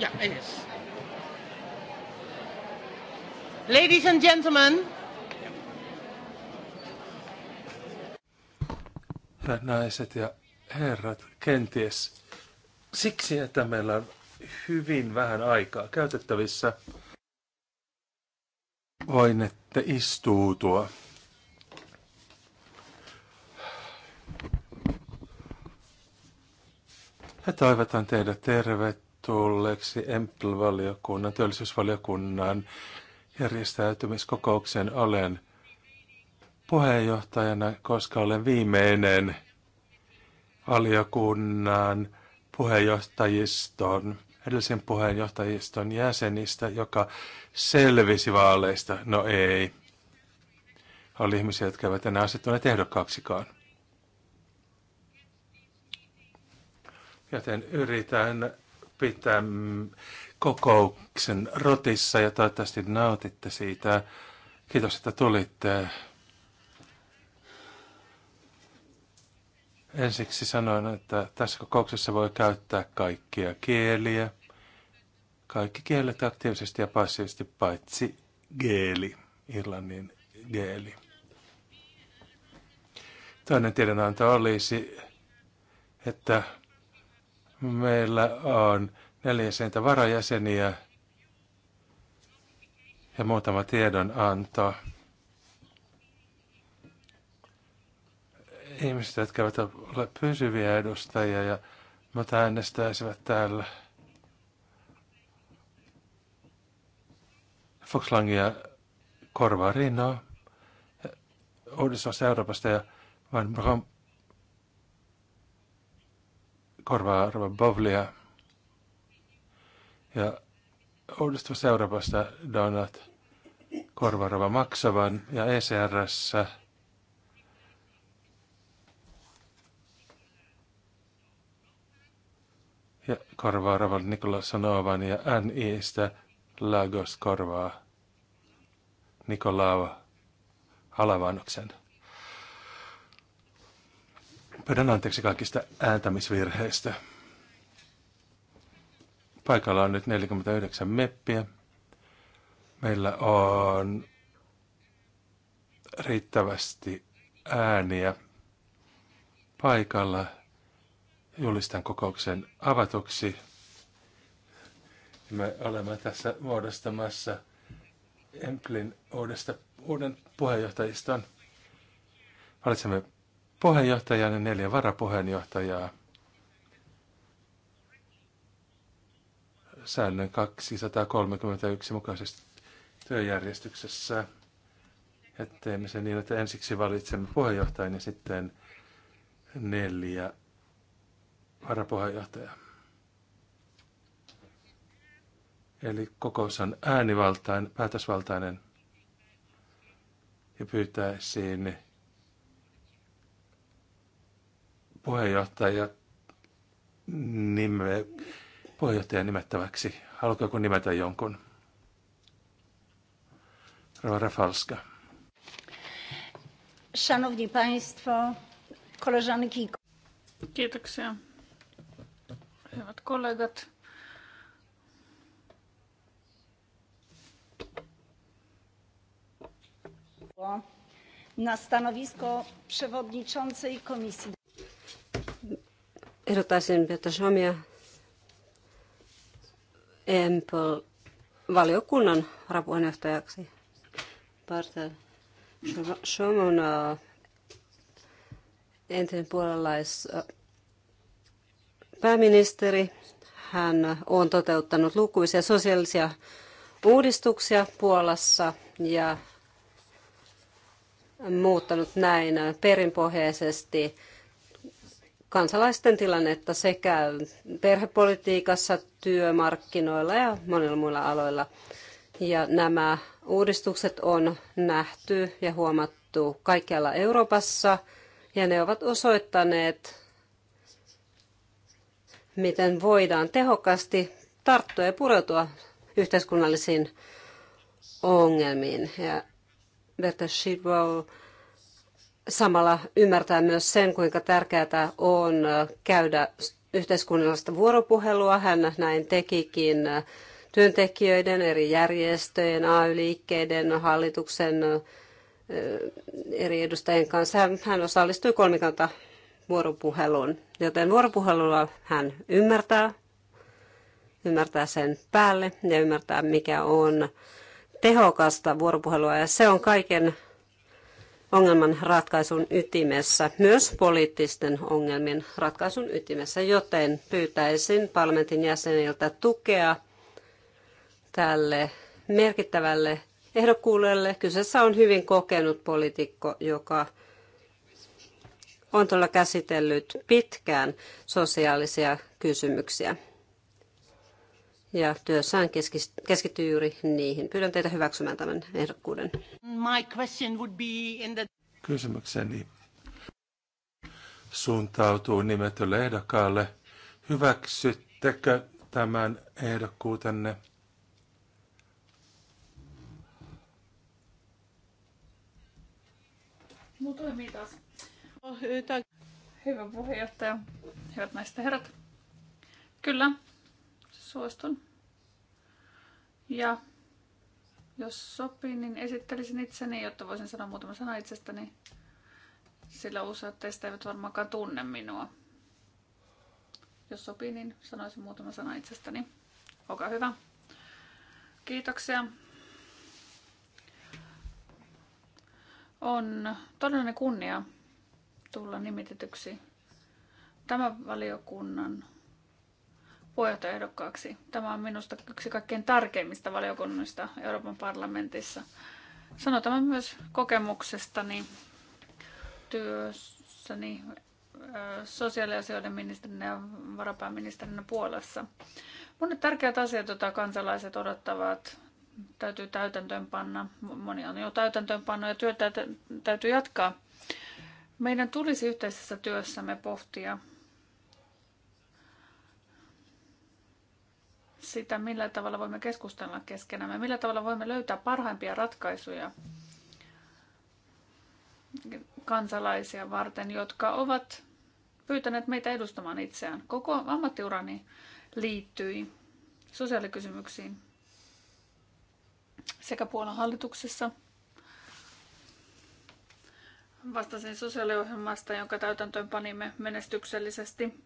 Yeah, it is. Ladies and gentlemen. Hyvät naiset ja herrat, kenties siksi, että meillä on hyvin vähän aikaa käytettävissä, että istuutua. Ja toivotan teidät tervet tervetulleeksi EMPL-valiokunnan, työllisyysvaliokunnan järjestäytymiskokouksen olen puheenjohtajana, koska olen viimeinen valiokunnan puheenjohtajiston, edellisen puheenjohtajiston jäsenistä, joka selvisi vaaleista. No ei. Oli ihmisiä, jotka eivät enää asettuneet ehdokkaaksikaan. Joten yritän pitää mm, kokouksen rotissa ja toivottavasti nautitte siitä. Kiitos, että tulitte. Ensiksi sanoin, että tässä kokouksessa voi käyttää kaikkia kieliä. Kaikki kielet aktiivisesti ja passiivisesti, paitsi geeli, Irlannin geeli. Toinen tiedonanto olisi, että Meillä on neljä jäsentä varajäseniä ja muutama tiedonanto. Ihmiset, jotka eivät ole pysyviä edustajia, ja, mutta äänestäisivät täällä. Foxlangia korvaa Rinnoa uudessa Euroopasta ja Van Brom korvaa Rova Bovlia. Ja uudistuva seuraavasta Donat korvaa Rova Maksavan ja ECRssä ja korvaa Rova Nikola Sanovan ja NIstä Lagos korvaa Nikolaava Halavanuksen. Pyydän anteeksi kaikista ääntämisvirheistä. Paikalla on nyt 49 meppiä. Meillä on riittävästi ääniä paikalla. Julistan kokouksen avatuksi. Me olemme tässä muodostamassa Emplin uudesta, uuden puheenjohtajiston. Valitsemme puheenjohtajan ja neljä varapuheenjohtajaa. Säännön 231 mukaisesti työjärjestyksessä. Ja teemme sen niin, että ensiksi valitsemme puheenjohtajan ja sitten neljä varapuheenjohtajaa. Eli kokous on äänivaltainen, päätösvaltainen ja pyytäisiin puheenjohtaja nime, puheenjohtajan nimettäväksi. Haluatko nimetä jonkun? Rora Falska. Szanowni Państwo, koleżanki Kiitoksia. Hyvät kollegat. Na stanowisko przewodniczącej komisji. Ehdottaisin Petra Shamia Empel valiokunnan rapuheenjohtajaksi. Bartel Shom äh, entinen puolalais äh, pääministeri. Hän on toteuttanut lukuisia sosiaalisia uudistuksia Puolassa ja muuttanut näin perinpohjaisesti kansalaisten tilannetta sekä perhepolitiikassa, työmarkkinoilla ja monilla muilla aloilla. Ja nämä uudistukset on nähty ja huomattu kaikkialla Euroopassa ja ne ovat osoittaneet, miten voidaan tehokkaasti tarttua ja pureutua yhteiskunnallisiin ongelmiin. Ja Berta Shidwell samalla ymmärtää myös sen, kuinka tärkeää on käydä yhteiskunnallista vuoropuhelua. Hän näin tekikin työntekijöiden, eri järjestöjen, AY-liikkeiden, hallituksen eri edustajien kanssa. Hän osallistui kolmikanta vuoropuheluun, joten vuoropuhelulla hän ymmärtää, ymmärtää sen päälle ja ymmärtää, mikä on tehokasta vuoropuhelua. Ja se on kaiken ongelman ratkaisun ytimessä, myös poliittisten ongelmien ratkaisun ytimessä, joten pyytäisin parlamentin jäseniltä tukea tälle merkittävälle ehdokkuudelle. Kyseessä on hyvin kokenut poliitikko, joka on tuolla käsitellyt pitkään sosiaalisia kysymyksiä ja työssään keskittyy juuri niihin. Pyydän teitä hyväksymään tämän ehdokkuuden. My question would be in the... Kysymykseni suuntautuu nimetylle ehdokkaalle. Hyväksyttekö tämän ehdokkuutenne? No toimii taas. Hyvä puheenjohtaja, hyvät naiset ja herrat. Kyllä, suostun. Ja jos sopii, niin esittelisin itseni, jotta voisin sanoa muutaman sana itsestäni, sillä useat teistä eivät varmaankaan tunne minua. Jos sopii, niin sanoisin muutaman sana itsestäni. Olkaa hyvä. Kiitoksia. On todellinen kunnia tulla nimitetyksi tämän valiokunnan puheenjohtajaehdokkaaksi. Tämä on minusta yksi kaikkein tärkeimmistä valiokunnista Euroopan parlamentissa. Sanotaan myös kokemuksestani työssäni sosiaaliasioiden ministerinä ja varapääministerinä Puolassa. Monet tärkeät asiat, joita kansalaiset odottavat, täytyy täytäntöönpanna. Moni on jo täytäntöönpanna ja työtä täytyy jatkaa. Meidän tulisi yhteisessä työssämme pohtia sitä, millä tavalla voimme keskustella keskenämme, millä tavalla voimme löytää parhaimpia ratkaisuja kansalaisia varten, jotka ovat pyytäneet meitä edustamaan itseään. Koko ammattiurani liittyi sosiaalikysymyksiin sekä Puolan hallituksessa. Vastasin sosiaaliohjelmasta, jonka täytäntöön panimme menestyksellisesti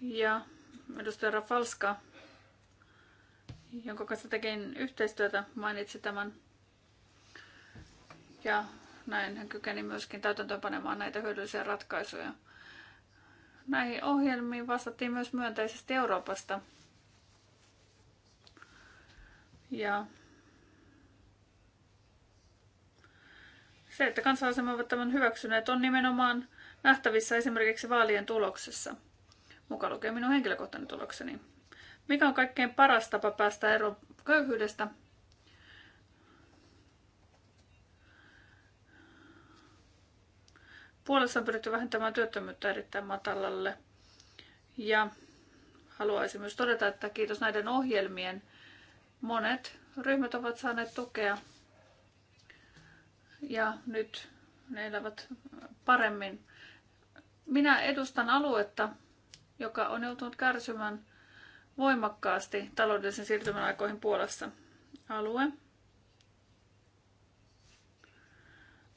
ja edustaja Rafalska, jonka kanssa tekin yhteistyötä, mainitsi tämän. Ja näin hän kykeni myöskin täytäntöönpanemaan näitä hyödyllisiä ratkaisuja. Näihin ohjelmiin vastattiin myös myönteisesti Euroopasta. Ja se, että kansalaisemme ovat tämän hyväksyneet, on nimenomaan nähtävissä esimerkiksi vaalien tuloksessa – mukaan lukee minun henkilökohtainen tulokseni. Mikä on kaikkein paras tapa päästä eroon köyhyydestä? Puolessa on pyritty vähentämään työttömyyttä erittäin matalalle. Ja haluaisin myös todeta, että kiitos näiden ohjelmien monet ryhmät ovat saaneet tukea. Ja nyt ne elävät paremmin. Minä edustan aluetta, joka on joutunut kärsimään voimakkaasti taloudellisen siirtymän aikoihin Puolassa alue,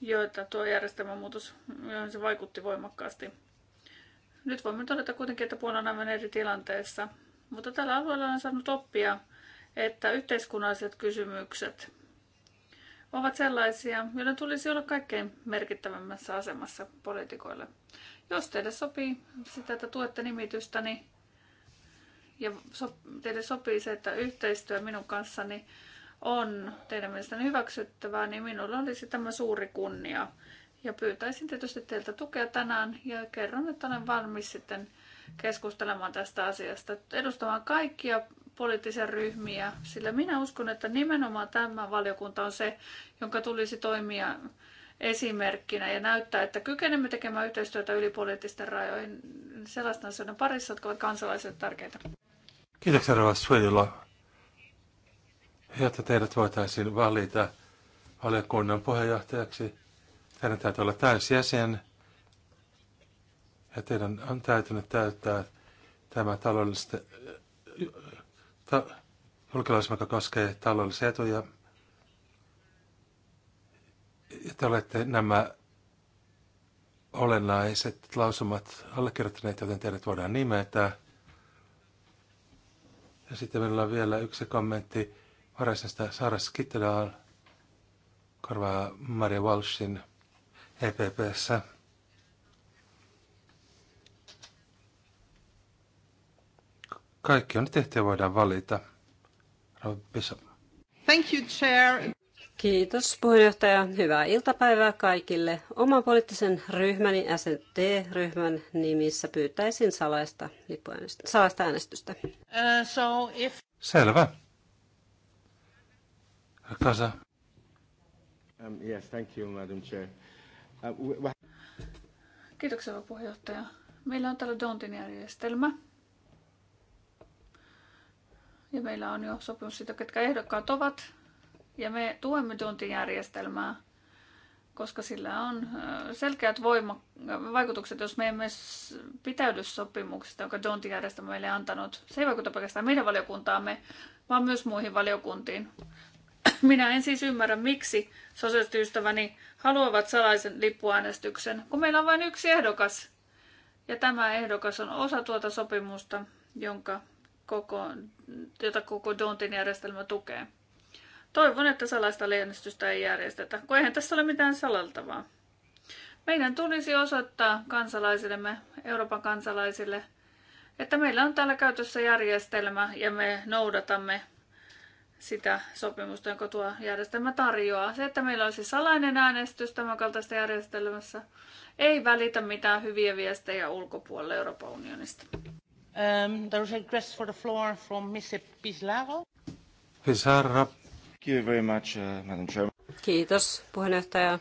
joita tuo järjestelmän muutos, johon se vaikutti voimakkaasti. Nyt voimme todeta kuitenkin, että Puola on aivan eri tilanteessa, mutta tällä alueella on saanut oppia, että yhteiskunnalliset kysymykset ovat sellaisia, joiden tulisi olla kaikkein merkittävämmässä asemassa poliitikoille. Jos teille sopii sitä, että tuette niin ja teille sopii se, että yhteistyö minun kanssani on teidän mielestäni hyväksyttävää, niin minulla olisi tämä suuri kunnia. Ja pyytäisin tietysti teiltä tukea tänään ja kerron, että olen valmis sitten keskustelemaan tästä asiasta, edustamaan kaikkia poliittisia ryhmiä, sillä minä uskon, että nimenomaan tämä valiokunta on se, jonka tulisi toimia esimerkkinä ja näyttää, että kykenemme tekemään yhteistyötä ylipoliittisten poliittisten rajojen sellaisten asioiden parissa, jotka ovat kansalaisille tärkeitä. Kiitoksia Rova Suojilla. Jotta teidät voitaisiin valita valiokunnan puheenjohtajaksi, teidän täytyy olla täysjäsen ja teidän on täytynyt täyttää tämä taloudellista, ta, julkilausuma, koskee taloudellisia etuja ja te olette nämä olennaiset lausumat allekirjoittaneet, joten teidät voidaan nimetä. Ja sitten meillä on vielä yksi kommentti varaisesta Sara Skittedaal korvaa Maria Walshin EPPssä. Kaikki on tehty ja voidaan valita. Bishop. Thank you, Chair. Kiitos puheenjohtaja. Hyvää iltapäivää kaikille. Oman poliittisen ryhmäni st ryhmän nimissä pyytäisin salaista, salaista äänestystä. Uh, so if... Selvä. Kasa. Um, yes, thank you, Madam Chair. Uh, we... Kiitoksia, puheenjohtaja. Meillä on täällä Dontin järjestelmä. Ja meillä on jo sopimus siitä, ketkä ehdokkaat ovat ja me tuemme tuntijärjestelmää, koska sillä on selkeät voima- vaikutukset, jos me emme pitäydy sopimuksista, jonka tuntijärjestelmä meille on antanut. Se ei vaikuta pelkästään meidän valiokuntaamme, vaan myös muihin valiokuntiin. Minä en siis ymmärrä, miksi sosiaaliset ystäväni haluavat salaisen lippuäänestyksen, kun meillä on vain yksi ehdokas. Ja tämä ehdokas on osa tuota sopimusta, jonka koko, jota koko Dontin järjestelmä tukee. Toivon, että salaista äänestystä ei järjestetä, kun eihän tässä ole mitään salaltavaa. Meidän tulisi osoittaa kansalaisillemme, Euroopan kansalaisille, että meillä on täällä käytössä järjestelmä ja me noudatamme sitä sopimusta, jonka tuo järjestelmä tarjoaa. Se, että meillä olisi salainen äänestys tämän kaltaista järjestelmässä, ei välitä mitään hyviä viestejä ulkopuolelle Euroopan unionista. Um, there is a request for the floor from Mr. Pizarro. Pizarro Much, uh, Kiitos puheenjohtaja.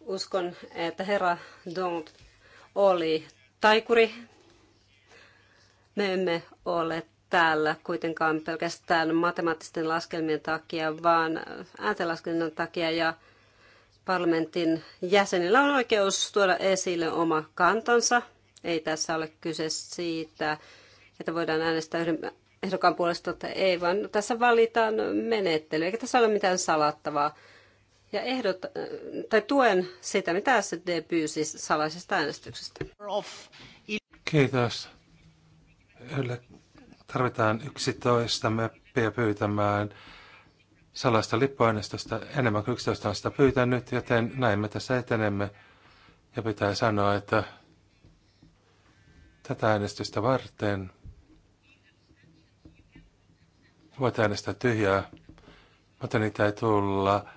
Uskon, että herra Don't oli taikuri. Me emme ole täällä kuitenkaan pelkästään matemaattisten laskelmien takia, vaan ääntenlaskennan takia ja parlamentin jäsenillä on oikeus tuoda esille oma kantansa. Ei tässä ole kyse siitä, että voidaan äänestää yhden ehdokkaan puolesta että ei, vaan tässä valitaan menettely, eikä tässä ole mitään salattavaa. Ja ehdot, tai tuen sitä, mitä SD pyysi siis salaisesta äänestyksestä. Kiitos. Yle. tarvitaan 11 meppiä pyytämään salaista lippuäänestystä. Enemmän kuin 11 on sitä pyytänyt, joten näin me tässä etenemme. Ja pitää sanoa, että tätä äänestystä varten – Voit äänestää tyhjää, mutta niitä ei tulla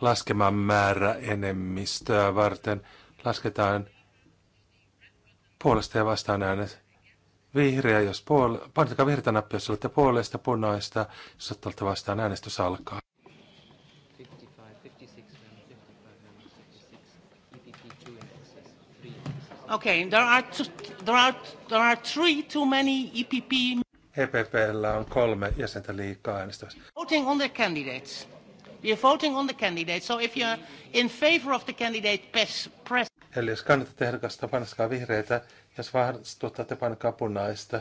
laskemaan määrä enemmistöä varten. Lasketaan puolesta ja vastaan äänet. Vihreä, jos puol... Painakaa vihreä nappi, jos olette puolesta, punaista, jos olette vastaan äänestys alkaa. okay, there are, two, there, are, there are three too many EPP EPPllä on kolme jäsentä liikaa äänestämässä. Voting on the candidates. We are voting on the candidates, so if you're in favor of the candidate, press. press. Eli jos kannatatte ehdokasta, painakaa vihreitä. Jos vastustatte, painakaa punaista.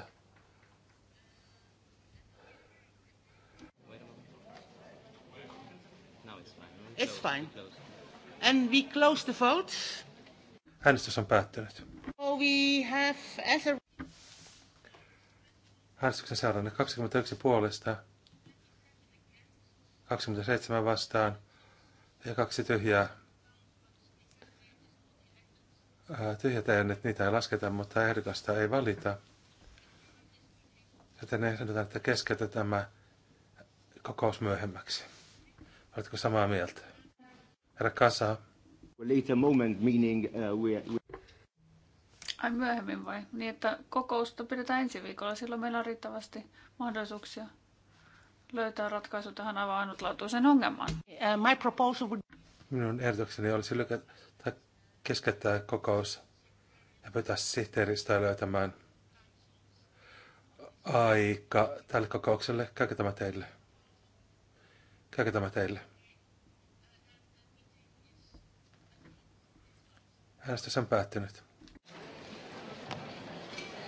It's fine. And we close the vote. Äänestys on päättynyt. So we have as a... Äänestyksen seurannut 21 puolesta, 27 vastaan ja kaksi tyhjää. Tyhjät äänet, niitä ei lasketa, mutta ehdokasta ei valita. Joten ehdotan, että keskeytä tämä kokous myöhemmäksi. Oletko samaa mieltä? Herra Kasa. Later moment meaning uh, Ai myöhemmin vai? Niin, että kokousta pidetään ensi viikolla, silloin meillä on riittävästi mahdollisuuksia löytää ratkaisu tähän aivan ainutlaatuiseen ongelmaan. Uh, my proposal would... Minun ehdotukseni olisi lykätä keskittää kokous ja pyytää sihteeristä löytämään aika tälle kokoukselle. Käykö tämä teille? Käykö tämä teille? Äänestys on päättynyt.